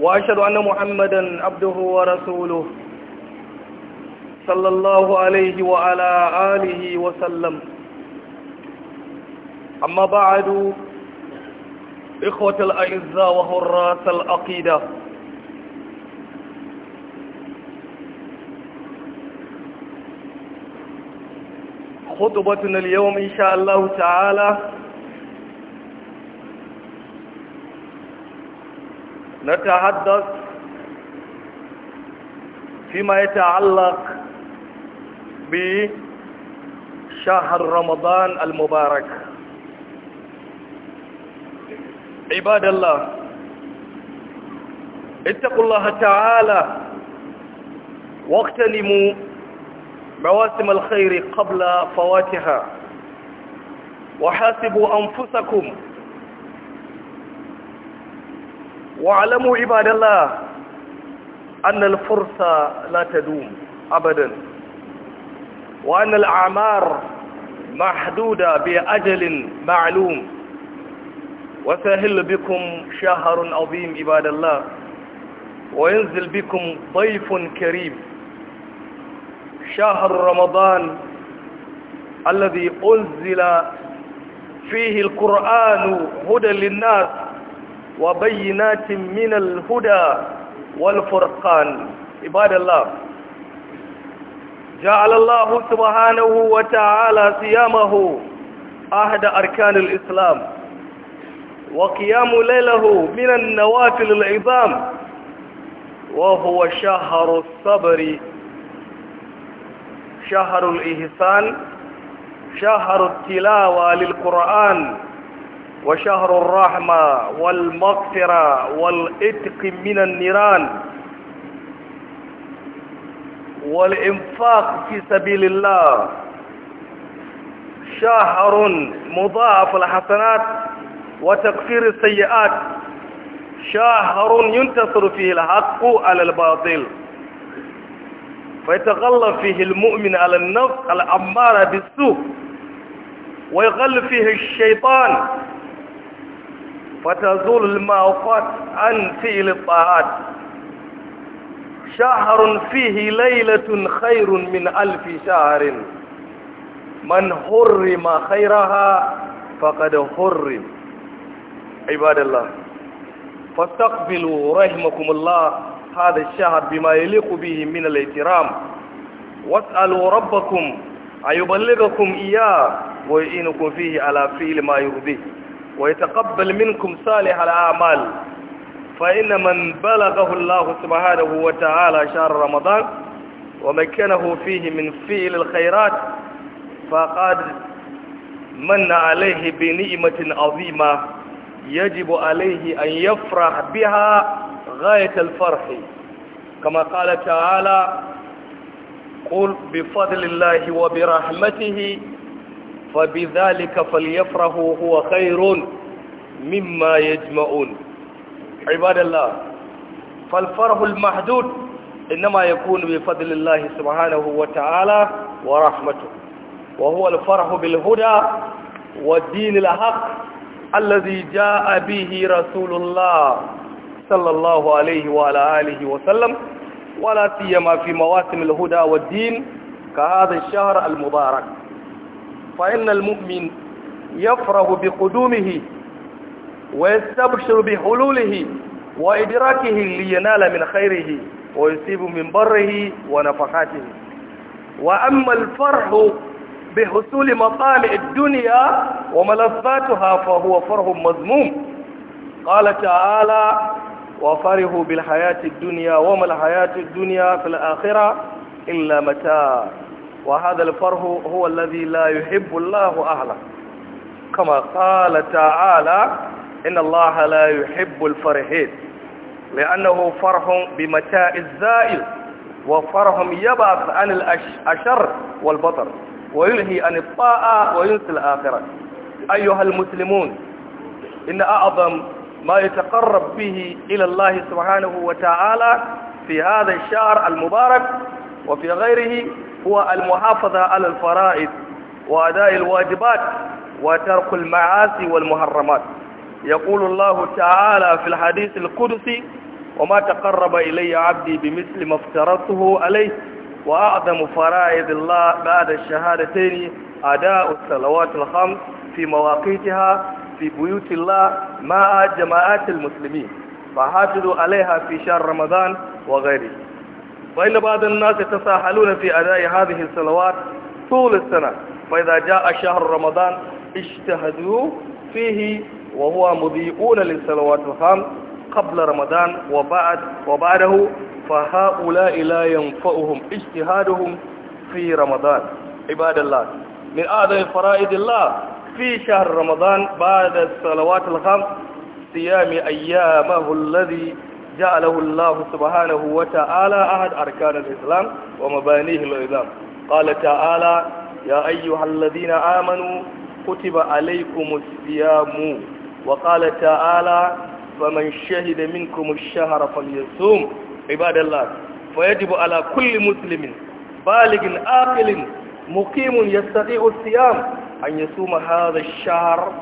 وأشهد أن محمدا عبده ورسوله صلى الله عليه وعلى آله وسلم أما بعد إخوة الأعزاء وهراس العقيدة خطبتنا اليوم إن شاء الله تعالى نتحدث فيما يتعلق بشهر رمضان المبارك عباد الله اتقوا الله تعالى واغتنموا مواسم الخير قبل فواتها وحاسبوا أنفسكم واعلموا عباد الله أن الفرصة لا تدوم أبدا وأن الأعمار محدودة بأجل معلوم وسهل بكم شهر عظيم عباد الله وينزل بكم ضيف كريم شهر رمضان الذي أنزل فيه القرآن هدى للناس وبينات من الهدى والفرقان عباد الله جعل الله سبحانه وتعالى صيامه أحد أركان الإسلام وقيام ليله من النوافل العظام وهو شهر الصبر شهر الإحسان شهر التلاوة للقرآن وشهر الرحمة والمغفرة والإتق من النيران والإنفاق في سبيل الله شهر مضاعف الحسنات وتكفير السيئات شهر ينتصر فيه الحق على الباطل فيتغلب فيه المؤمن على النفس الأمارة بالسوء ويغلب فيه الشيطان وتزول المعوقات عن فعل الطاعات شهر فيه ليلة خير من ألف شهر من حرم خيرها فقد حرم عباد الله فاستقبلوا رحمكم الله هذا الشهر بما يليق به من الاحترام واسألوا ربكم أن يبلغكم إياه ويعينكم فيه على فعل ما يرضيه ويتقبل منكم صالح الأعمال فإن من بلغه الله سبحانه وتعالى شهر رمضان ومكنه فيه من فعل الخيرات فقد من عليه بنعمة عظيمة يجب عليه أن يفرح بها غاية الفرح كما قال تعالى قل بفضل الله وبرحمته فبذلك فليفرحوا هو خير مما يجمعون عباد الله فالفرح المحدود إنما يكون بفضل الله سبحانه وتعالى ورحمته وهو الفرح بالهدى والدين الحق الذي جاء به رسول الله صلى الله عليه وعلى آله وسلم ولا سيما في مواسم الهدى والدين كهذا الشهر المبارك فإن المؤمن يفرح بقدومه ويستبشر بحلوله وإدراكه لينال من خيره ويصيب من بره ونفحاته وأما الفرح بحصول مطامع الدنيا وملفاتها فهو فرح مذموم قال تعالى وفرحوا بالحياة الدنيا وما الحياة الدنيا في الآخرة إلا متاع وهذا الفرح هو الذي لا يحب الله أهله كما قال تعالى إن الله لا يحب الفرحين لأنه فرح بمتاع الزائل وفرح يبعث عن الأشر والبطر وينهي عن الطاعة وينسي الآخرة أيها المسلمون إن أعظم ما يتقرب به إلى الله سبحانه وتعالى في هذا الشهر المبارك وفي غيره هو المحافظة على الفرائض وأداء الواجبات وترك المعاصي والمحرمات يقول الله تعالى في الحديث القدسي وما تقرب إلي عبدي بمثل ما افترضته عليه وأعظم فرائض الله بعد الشهادتين أداء الصلوات الخمس في مواقيتها في بيوت الله مع جماعات المسلمين فحافظوا عليها في شهر رمضان وغيره وإن بعض الناس يتساهلون في أداء هذه الصلوات طول السنة فإذا جاء شهر رمضان اجتهدوا فيه وهو مضيئون للصلوات الخمس قبل رمضان وبعد وبعده فهؤلاء لا ينفعهم اجتهادهم في رمضان عباد الله من أعظم فرائض الله في شهر رمضان بعد الصلوات الخمس صيام أيامه الذي جعله الله سبحانه وتعالى أحد أركان الإسلام ومبانيه العظام قال تعالى يا أيها الذين آمنوا كتب عليكم الصيام وقال تعالى فمن شهد منكم الشهر فليصوم عباد الله فيجب على كل مسلم بالغ عاقل مقيم يستطيع الصيام أن يصوم هذا الشهر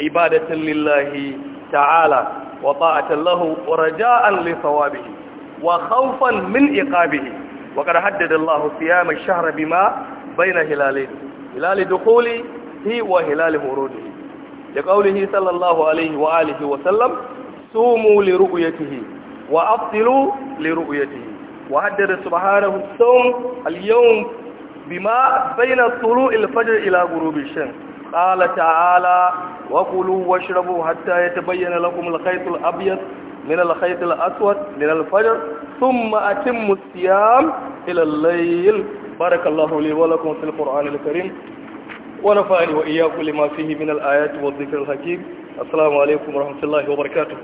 عبادة لله تعالى وطاعة له ورجاء لثوابه وخوفا من إقابه وقد حدد الله صيام الشهر بما بين هلالين هلال دخوله وهلال هروده لقوله صلى الله عليه وآله وسلم صوموا لرؤيته وأبطلوا لرؤيته وحدد سبحانه الصوم اليوم بما بين طلوع الفجر إلى غروب الشمس قال تعالى وكلوا واشربوا حتى يتبين لكم الخيط الأبيض من الخيط الأسود من الفجر ثم أتموا الصيام إلى الليل بارك الله لي ولكم في القرآن الكريم ونفعني وإياكم لما فيه من الآيات والذكر الحكيم السلام عليكم ورحمة الله وبركاته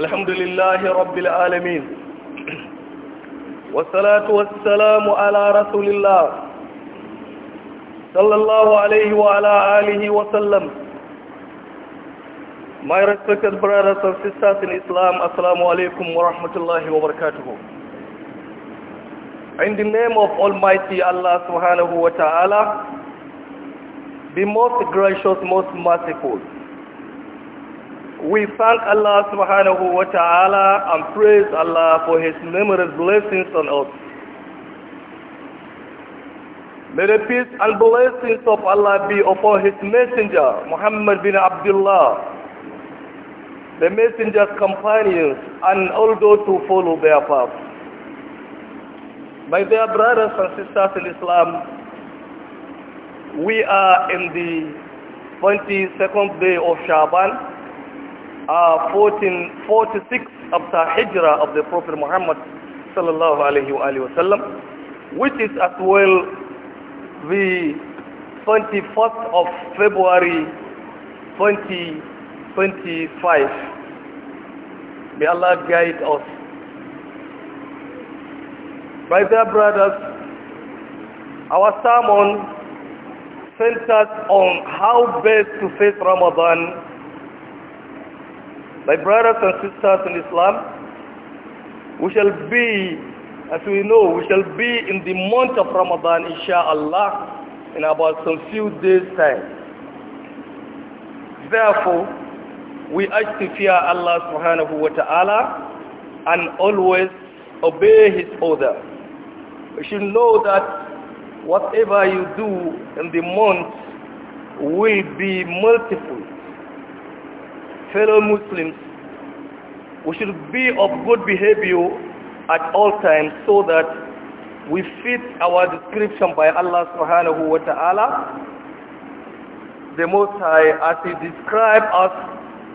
الحمد لله رب العالمين والصلاة والسلام على رسول الله صلى الله عليه وعلى آله وسلم My respected brothers and sisters in Islam, Assalamu alaikum wa rahmatullahi wa barakatuhu. In the name of Almighty Allah subhanahu wa ta'ala, the most gracious, most merciful. We thank Allah subhanahu wa ta'ala and praise Allah for his numerous blessings on us. May the peace and blessings of Allah be upon his messenger, Muhammad bin Abdullah, the messenger's companions, and all those who follow their path. My dear brothers and sisters in Islam, we are in the 22nd day of Shaban, uh, of after Hijra of the Prophet Muhammad sallallahu alayhi wa sallam, which is as well the 21st of February 2025. May Allah guide us. My dear brothers, our sermon centers on how best to face Ramadan my brothers and sisters in Islam, we shall be, as we know, we shall be in the month of Ramadan, inshallah, in about some few days' time. Therefore, we ask to fear Allah subhanahu wa ta'ala and always obey his order. We should know that whatever you do in the month will be multiplied fellow Muslims, we should be of good behavior at all times so that we fit our description by Allah subhanahu wa ta'ala, the Most High, as He describes us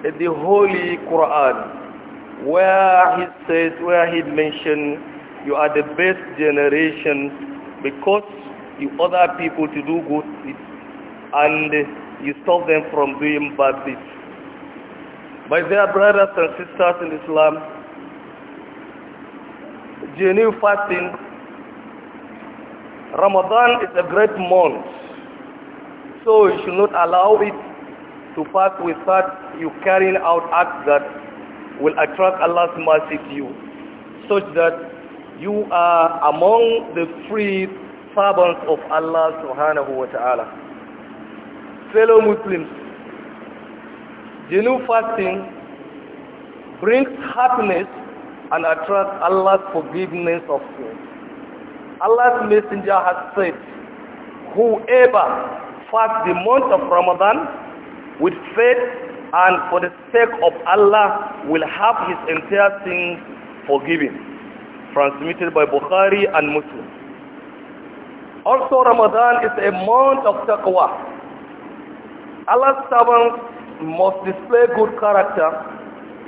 in the Holy Quran, where He says, where He mentioned, you are the best generation because you order people to do good and you stop them from doing bad deeds. My dear brothers and sisters in Islam, genuine fasting, Ramadan is a great month, so you should not allow it to pass without you carrying out acts that will attract Allah's mercy to you, such that you are among the free servants of Allah subhanahu wa ta'ala. Fellow Muslims, you fasting brings happiness and attracts Allah's forgiveness of sins. Allah's messenger has said, whoever fasts the month of Ramadan with faith and for the sake of Allah will have his entire sins forgiven. Transmitted by Bukhari and Muslim. Also Ramadan is a month of taqwa. Allah's servants must display good character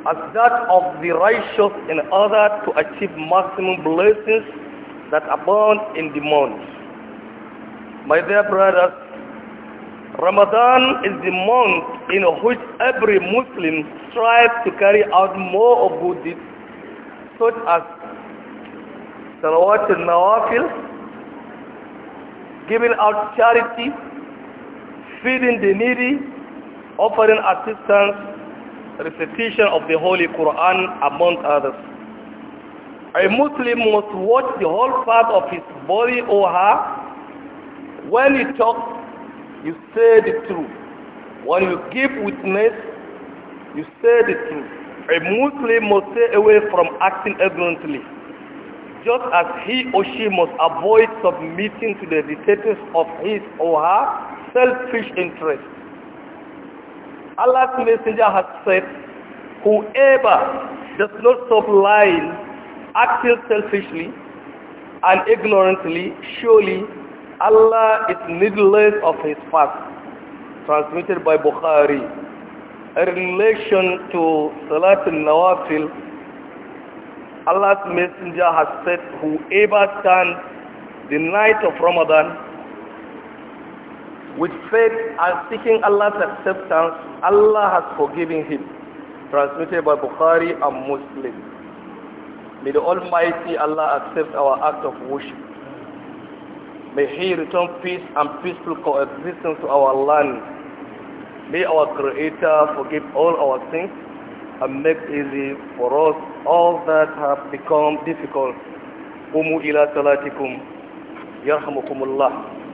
as that of the righteous in order to achieve maximum blessings that abound in the month. My dear brothers, Ramadan is the month in which every Muslim strives to carry out more of good deeds such as salawat al-nawafil, giving out charity, feeding the needy, offering assistance, recitation of the Holy Quran, among others. A Muslim must watch the whole part of his body or her. When you talk, you say the truth. When you give witness, you say the truth. A Muslim must stay away from acting ignorantly, just as he or she must avoid submitting to the dictates of his or her selfish interests. Allah's messenger has said, whoever does not stop lying, acting selfishly and ignorantly, surely Allah is needless of his fast. Transmitted by Bukhari. In relation to Salat al-Nawafil, Allah's messenger has said, whoever stands the night of Ramadan with faith and seeking Allah's acceptance, Allah has forgiven him. Transmitted by Bukhari and Muslim. May the Almighty Allah accept our act of worship. May He return peace and peaceful coexistence to our land. May our Creator forgive all our sins and make easy for us all that have become difficult. Umu إلى salatikum. Yarhamukumullah.